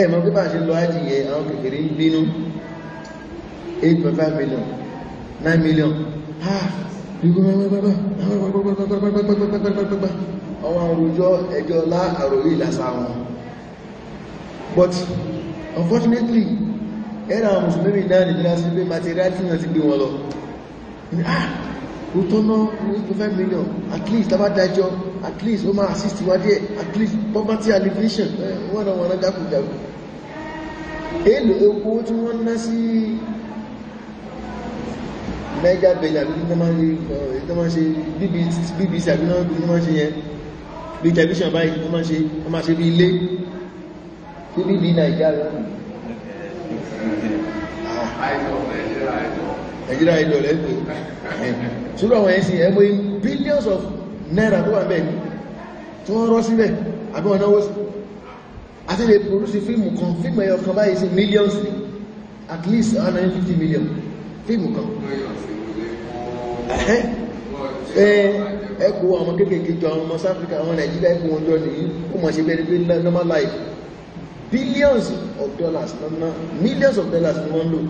ẹ̀ mọ́ pé bá ṣe lọ ájì yẹn àwọn kékeré ń bínú 8.5 million 9 million ah àwọn àrùjọ ẹjọ́ láàròyí ìlàsà wọn but unfortunately ẹ̀rà mùsùlùmí náà nìjọ́ sí pé materialism náà ti gbé wọn lọ ah ó tó ná two five million at least tàbá dájọ́ at least ó máa assist wá díẹ̀ at least poverty alleviation eh, wọ́n náà wọ́n náà dákùjàgbù èlò epo tí wọ́n ná sí mega bẹ̀lẹ̀ àbí ní ọmọ eh, ṣe bbc àbí náà bí wọ́n ṣe yẹn bí tẹ̀lifíṣàn báyìí wọ́n máa ṣe wọ́n máa ṣe bí ilé tí bí bí nàìjíríà Nigeria idol ẹgbẹ́ ṣúgbọ́n àwọn ẹ̀sìn ẹgbẹ́ billions of naira tó wà ń bẹ̀ ní tí wọ́n rọ́ síbẹ̀ àbí wọn náwó sí àti lè produce fíìmù kan fíìmù ẹyọ kan báyìí sí millions ni at least 150 million fíìmù kan ẹkù àwọn kéèkéèké jọ àwọn ọmọ Africa àwọn Nigeria ẹkù wọn jọ nìyí ó mọ̀ sí bẹ́ẹ̀ pé normal life billions of dollars lọ́nà millions of dollars ni wọ́n lò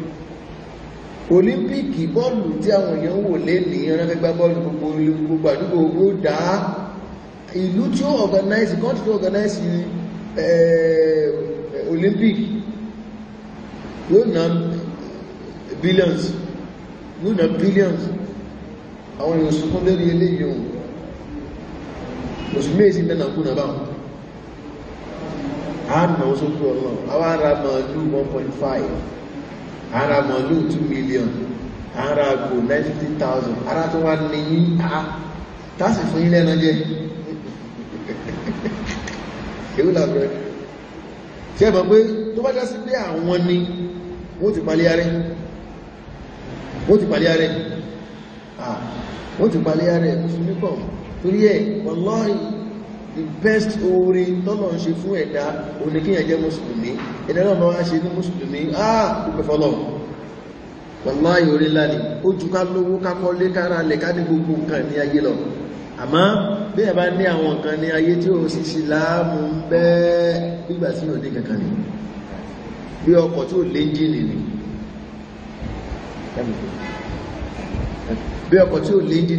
olympic bọ́ọ̀lù tí àwọn èèyàn wò lé ní ọ̀nàfẹ́gbá bọ́ọ̀lù gbogbo gbogbo àdúgbò gbogbo dá ìlú tí ó organize country tí ó organize olympic yóò ná billions yóò ná billions àwọn èèyàn sunkún lórí eléyìí ohun mùsùlùmí èsì mẹ́nà kú náà báwọn a nà ó sókè ọlọ́run àwọn ará màálù 1.5 ara màálù two million ara àgbò ninety ara tó wá ní yín á ah, tásì fún yín lẹ́nu jẹ́ èwú làbẹ̀rẹ̀ tí ẹ mọ̀ pé tó bá jásí pé àwọn ni wọ́n ti palẹ̀ arẹ́ wọ́n ti palẹ̀ arẹ́ ẹ̀ ah, wọ́n the best oore tọ́lọ̀ ń ṣe fún ẹ̀dá oníkíyàn jẹ́ mùsùlùmí ẹ̀dá náà máa ṣe ní mùsùlùmí ah pẹ̀fọ́lọ̀ wàláyé orí láni ó jù ká lówó ká kọ́lé kára lẹ̀ ká ní gbogbo nǹkan ní ayé lọ àmá bí ẹ bá ní àwọn nǹkan ní ayé tí ó sì sí láàmù ọkọ̀ tí ò lé ni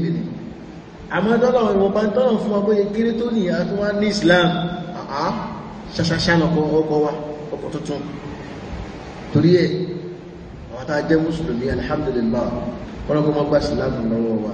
àmọ́ tọ́lọ̀wọ̀ ìwọ̀n bá ń tọ́lọ̀ fún ọgbọ́ yẹ kéré tó nìyà tó wá ní Islam àá ṣaṣaṣá lọ́pọ̀ ọkọ̀ wa ọkọ̀ tuntun torí ẹ̀ àwọn tá jẹ́ mùsùlùmí alhamdulillah kọ́lọ́kọ́ mọ́gbà Islam lọ́wọ́ wa